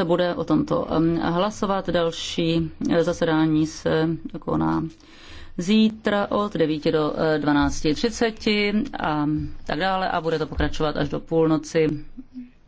se bude o tomto um, hlasovat. Další eh, zasedání se koná zítra od 9 do 12.30 eh, a tak dále a bude to pokračovat až do půlnoci